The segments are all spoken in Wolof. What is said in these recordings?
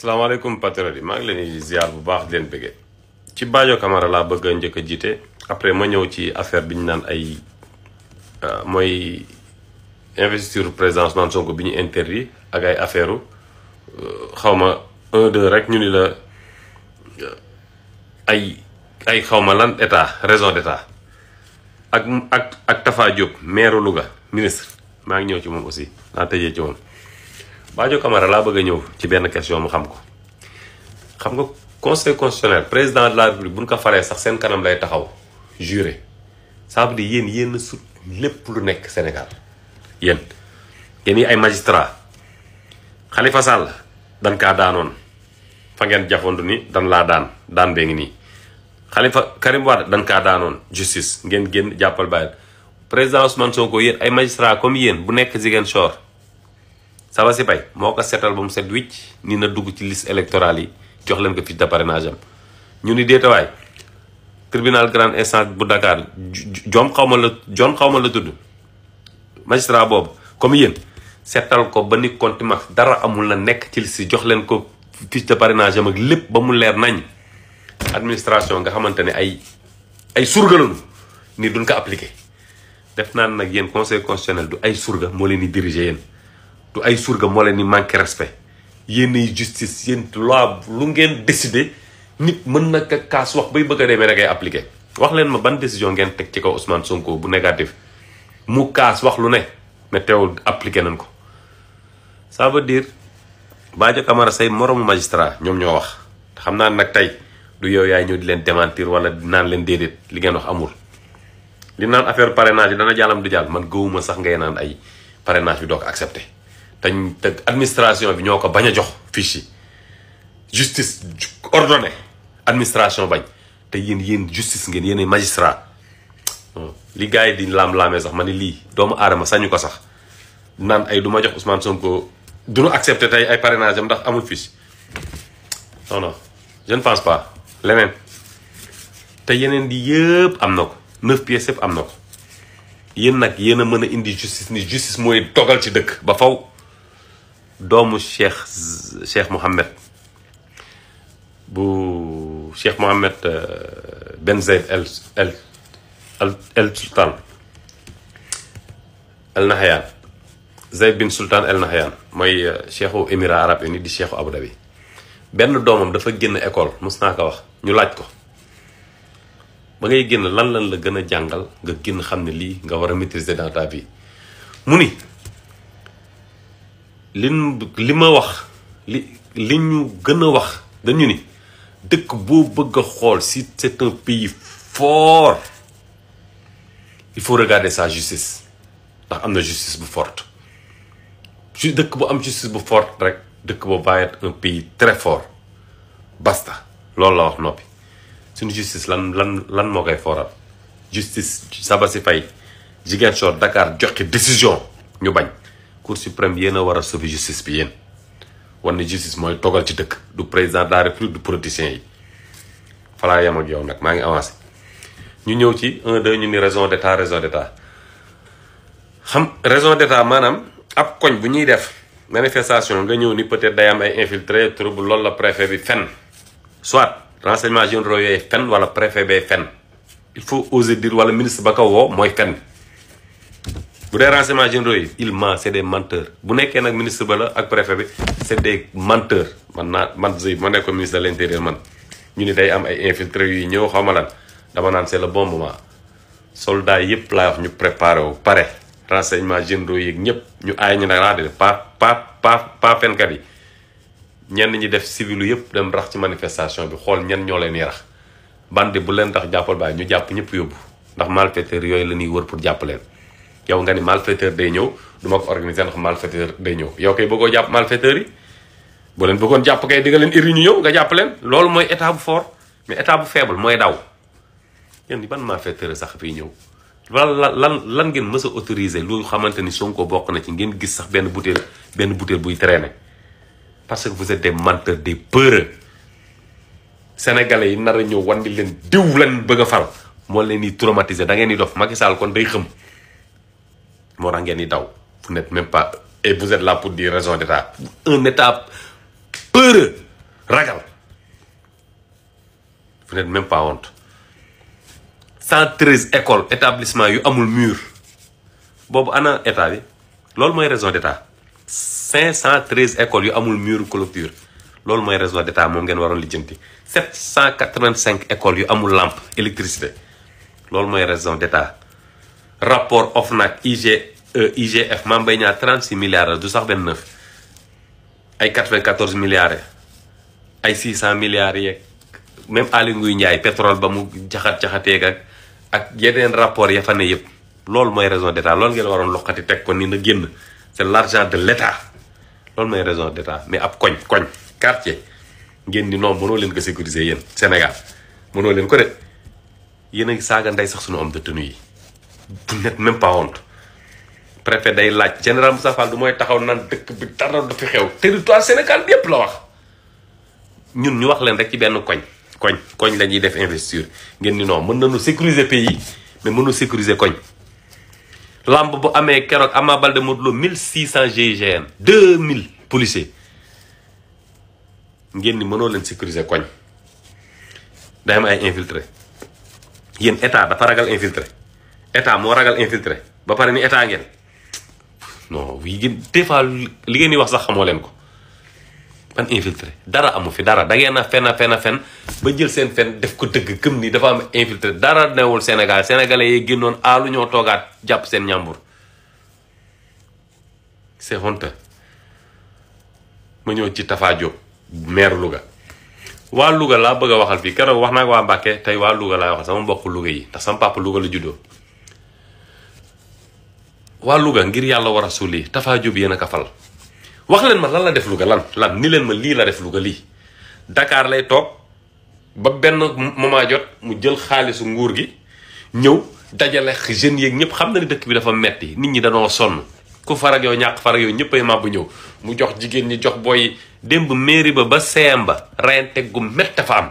salam patriote patrali mag leni di ziar bu baax di bege ci bajo Camara la bëgg a jité après ma ñëw ci affaire biñ nane naan ay euh, moy investiture présence nan son ko biñu interdit ak ay affaireu euh, xawma 1 2 rek ñu ni la euh, ay ay xawma lan état raison d'état ak ak ak Tafa Diop maire Louga ministre mag ngi ñëw ci mom aussi la tëjee ci mom Badio Camara laa bëgg a ñëw ci benn question mu xam ko xam nga conseil constitutionnel président de la république bu ñu ko faree sax seen kanam lay taxaw juré ça veut dire yéen yéen sut lépp lu nekk Sénégal yéen yéen yi ay magistrat Khalifa Sall dan kaa daanoon fa ngeen jafandu ni dan laa daan daan bee ngi nii Khalifa Karim Wade dan kaa daanoon justice ngeen génn jàppal bàyyil président Ousmane Sonko yéen ay magistrat comme yéen bu nekk si ngeen Ziguinchor Saba si bay moo ko seetal ba mu set wicc ni na dugg ci liste électorale yi jox leen ko fiche de parrainage ñu ni déetawaay tribunal grande instance bu Dakar joom xaw ma la joom xaw ma la tudd magistrat boobu comme yéen seetal ko ba ni konti dara amul la nekk ci liste jox leen ko fiche de parrainage am lépp ba mu leer nañ administration nga xamante ne ay ay surga lañu ni duñ ko appliqué def naa nag yéen conseil constitutionnel du ay surga moo leen di diriger yéen du ay surga mo leen ni manqué respect yéen ay justice yéen loi lu ngeen décider nit mën na ka kaas wax bay bëgg a demee da wax leen ma ban décision ngeen teg ci kaw Ousmane Sonko bu négatif mu kaas wax lu ne mais teewul appliquer nañ ko ça veut dire Badio Camara say moromu magistrat ñoom ñoo wax te xam naa nag tey du yow yaay ñëw di leen démentir wala naan leen déedéet li ngeen wax amul li naan affaire parrainage dana jàllam du jàll man gëwuma sax ngay naan ay parrainage bi doo ko dañ te administration bi ñoo ko bañ a jox fiche yi justice ordonné administration bañ te yéen yéen justice ngeen yéen ay magistrat li gars yi di laam-laamee sax ma ne lii doomu aadama sañu ko sax naan ay du ma jox Ousmane ko du ñu accepté tey ay parrainage am ndax amul fiche non non je pas leneen te yeneen di yëpp am na ko neuf pièces yëpp am na ko yéen nag yéen a mën a indi justice ni justice mooy dogal ci dëkk ba faw doomu cheikh cheikh Mohammed bu cheikh Mohammed Ben Zayed El El El Sultan El Nahyan Zayed bin Sultan El Nahyan mooy cheikhu émirat arabe uni di cheikhu Abu Dhabi benn doomam dafa génn école mos naa ko wax ñu laaj ko ba ngay génn lan lan la gën a jàngal nga génn xam ne lii nga war a maîtriser dans ta vie mu ni lin li ma wax li li ñu gën a wax dañu ni dëkk boo bëgg a xool si c'est un pays fort il faut regarder sa justice ndax am na justice bu forte su dëkk bu am justice bu forte rek dëkk bu va être un pays très fort basta loolu la wax noppi suñu justice lan lan lan moo koy foral justice Sabassy Faye Ziguinchor Dakar joxe décision ñu bañ cour suprême yéen a war a sauver justice bi yéen war na justice mooy toggal ci dëkk du président de la république du politicien yi falaa yam yow nag maa ngi avancé ñu ñëw ci un deux ñu ni raison d' état raison d' état xam raison d' état maanaam ab koñ bu ñuy def manifestation nga ñëw ni peut-être day am ay infiltré trouble loolu la préfet bi fen soit renseignement généraux yooyu fen wala préfet bay fen il faut oser dire wala ministre ba ko mooy fen bu dee renseignement généraux yi il ment c' est des menteurs bu nekkee nag ministre ba la ak préfet bi c' est des menteurs man naa man si ma nekkoon ministre de l' intérieur man ñu ni day am ay infiltré yu ñëw xaw ma lan dama naan c' est le bon moment soldats yëpp laa wax ñu préparé wu pare renseignement généraux yi ñëpp ñu aay ñu ne laa ah, def pa pa pa pa fenkat yi ñenn ñi def civilu yëpp dem rax ci manifestation bi xool ñen ñoo leen rax bandi bu leen tax jàppal bàyyi ñu jàpp ñëpp yóbbu ndax malfaiteur yooyu la ñuy wër pour jàpp leen yow nga ni malfaiteur day ñew duma ko organiser ndax malfaiteur day ñew yow kay bëggo japp malfaiteur yi bu len bëggon japp kay di nga leen iri ñu ñew nga japp len loolu moy état bu fort mais état bu faible moy daw yéen ban malfaiteur sax fii ñew lan lan lan ngeen mësa autoriser lu xamanteni Sonko bok na ci ngeen gis sax ben butéel ben butéel buy traîner parce que vous êtes des menteurs des peureux sénégalais yi nara a wandi len diw lan bëgg a fal moo leen di traumatiser da ngeen di dof Macky Sall kon day xam moo tax ngeen di daw vous n'êtes même pas et vous êtes là pour dire raison d'état un état peureux ragal vous n'êtes même pas honte cent treize école établissement yu amul mur boobu ana état loolu mooy raison d'état cinq cent treize écoles yu amul mur clôture loolu mooy raison d'état moom ngeen waroon lijjanti sept cent quatre-vingt-cinq écoles yu amul lampe électricité loolu mooy raison d'état rapport OFNAC IG euh, IGF Mame Mbaye Niang 36 milliards la du sax 29 ay 94 milliards ay cent milliards yeeg même Aly Ngouille Ndiaye pétrole ba mu jaxat-jaxateeg ak ak yeneen rapport ya fa ne yëpp loolu mooy raison d'état lool ngeen waroon loqati teg ko ni na génn c'est l'argent de l'état loolu mooy raison d'état mais ab koñ koñ quartier ngeen di noom mënoo leen ko sécuriser yéen Sénégal mënoo leen ko de yéen a ngi saaga ndey sax suñu homme de tenue yi jullit même pas honte préfet day laaj général Moussa Fall du mooy taxaw nan dëkk bi dara du fi xew territoire Sénégal bi yépp la wax ñun ñu wax leen rek ci benn koñ koñ koñ lañuy def investiture ngeen ni non mën nañu sécuriser pays mais mënu sécuriser koñ lamb bu amé kérok Ama Baldé Modou Lô mille six policiers ngeen ni mëno leen sécuriser koñ day am ay état da faragal infiltré état mo ragal infiltré ba paré ni état ngeen non wi ngeen des fois li ngeen ni wax sax xamoo ko ban infiltré dara amu fi dara da ngeen na fen fen fen ba jël seen fen def ko dëgg gëm ni dafa am infiltré dara newul Sénégal sénégalais yi génnoon alu ñoo togaat japp seen ñambur c'est honte ma ñëw ci Tafa Diop maire Louga wa Louga la bëgg waxal fi kéro wax ko wa mbacké tay wa Louga la wax sama mbokk Louga yi sama papa Louga la juddoo waa Louga ngir yàlla war a suul lii Tafa Diop yéen a ka fal wax leen ma lan la def luga lan lan ni leen ma lii la def luga lii Dakar lay toog ba benn moment jot mu jël xaalisu nguur gi ñëw dajale jeunes yeeg ñëpp xam na ni dëkk bi dafa metti nit ñi danoo sonn ku farag yoo ñàkk farag yoo ñëppay màbb ñëw mu jox jigéen ñi jox booy démb mairie ba ba CM ba rayante gu métti fa am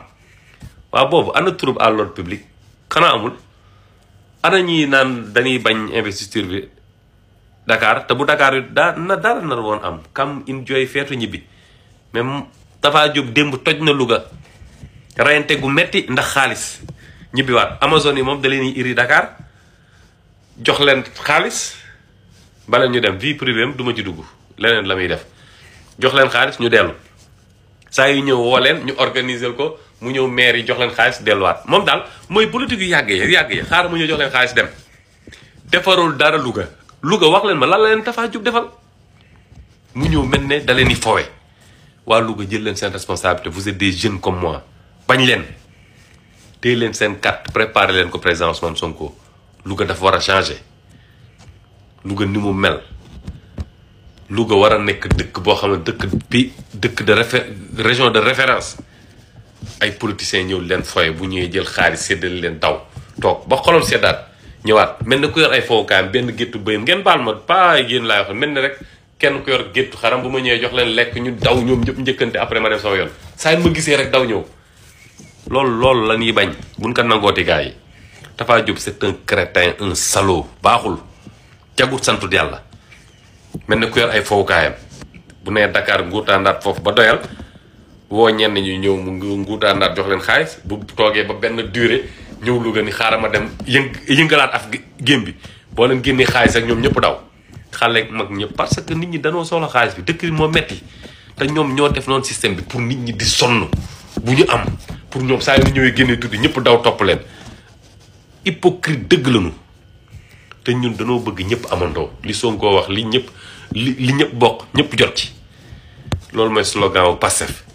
waa boobu ana trouble à l'ordre public xanaa amul ana ñi naan dañuy bañ investiture bi. Dakar te bu Dakar da na na won am kam enjoy fetu ñibi même Tafa job démb toj na luga rayante gu metti ndax ñibi wat Amazon yi mom da iri Dakar jox leen xaalis bala ñu dem vie privée du ma ci dugg leneen la def jox leen xaalis ñu delu sa yu ñew wo leen ñu organiser ko mu ñew maire yi jox leen delu wat mom dal moy politique yu yi xaar mu ñu jox leen dem defarul dara luga Louga wax leen ma lan la leen Tafa Diop defal mu ñëw mel ne da leen di fowe waa Louga jël leen seen responsabilité vous êtes des jeunes comme moi bañ leen téye leen seen carte préparé leen ko président son Sonko Louga dafa war a changé Louga ni mu mel Louga war a nekk dëkk boo xam ne dëkk dëkk de réfé région de référence ay politiciens ñëw leen foye bu ñuy jël xaalis séddale leen taw toog ba xolom seddaat ñëwaat mel ni ku yor ay faux fonkaam benn gétu bëyam ngeen baal ma pas yéen laay wax mel ni rek kenn ku yor gétu xaram bu ma ñëwee jox leen lekk ñu daw ñoom ñëpp njëkkante après ma dem sama yoon saa ma gisee rek daw ñëw loolu loolu la ñuy bañ buñ ko nangooti gars yi Tapha Diop est un crétin un salaud baaxul jagut santut yàlla mel ni ku yor ay faux fowkaayam bu nee Dakar nguutaandaat foofu ba doyal woo ñenn ñu ñëw mu nguutaandaat jox leen xaalis bu toogee ba benn durée ñëw Louga ni xaaral ma dem yëng yëngalaat af gém bi boo leen génnee xaalis ak ñoom ñëpp daw xale mag ñëpp parce que nit ñi danoo soxla xaalis bi dëkk bi moo metti te ñoom ñoo def noonu système bi pour nit ñi di sonn bu ñu am pour ñoom saa yu ñëwee génnee tuddi ñëpp daw topp leen hypocrite dëgg lañu te ñun danoo bëgg ñëpp amandoo li soo koo wax li ñëpp li li ñëpp bokk ñëpp jot ci loolu mooy slogan wu Pastef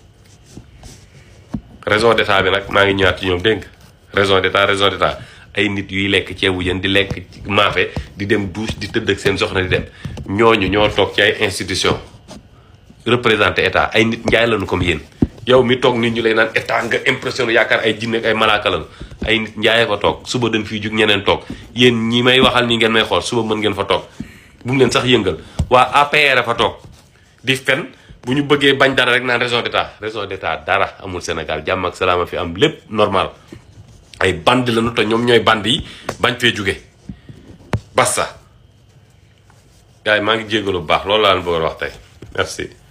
raison d'état bi nag maa ngi ñëwaat ñoom dégg raison d'état raison d'état ay nit yuy lekk ceebu jën di lekk maafe di dem douche di tëdd seen soxna di dem ñooñu ñoo toog ci ay institution représenté état ay nit njaay lañu comme yéen yow mi toog nit ñu lay naan état nga impression yaakaar ay jinne ay malaaka lañu ay nit njaay fa toog suba dañ fiy jug ñeneen toog yéen ñi may waxal ni ngeen may xool suba mën ngeen fa toog bu mu leen sax yëngal waa APR fa toog di fen bu ñu bëggee bañ dara rek naan raison d'état raison d'état dara amul Sénégal jàmm ak salaama fi am lépp normal ay bandi lañu te ñoom ñooy bandi yi bañ fee jóge basta gars yi maa ngi jégalu bu baax loolu laa leen bëggoon wax tey merci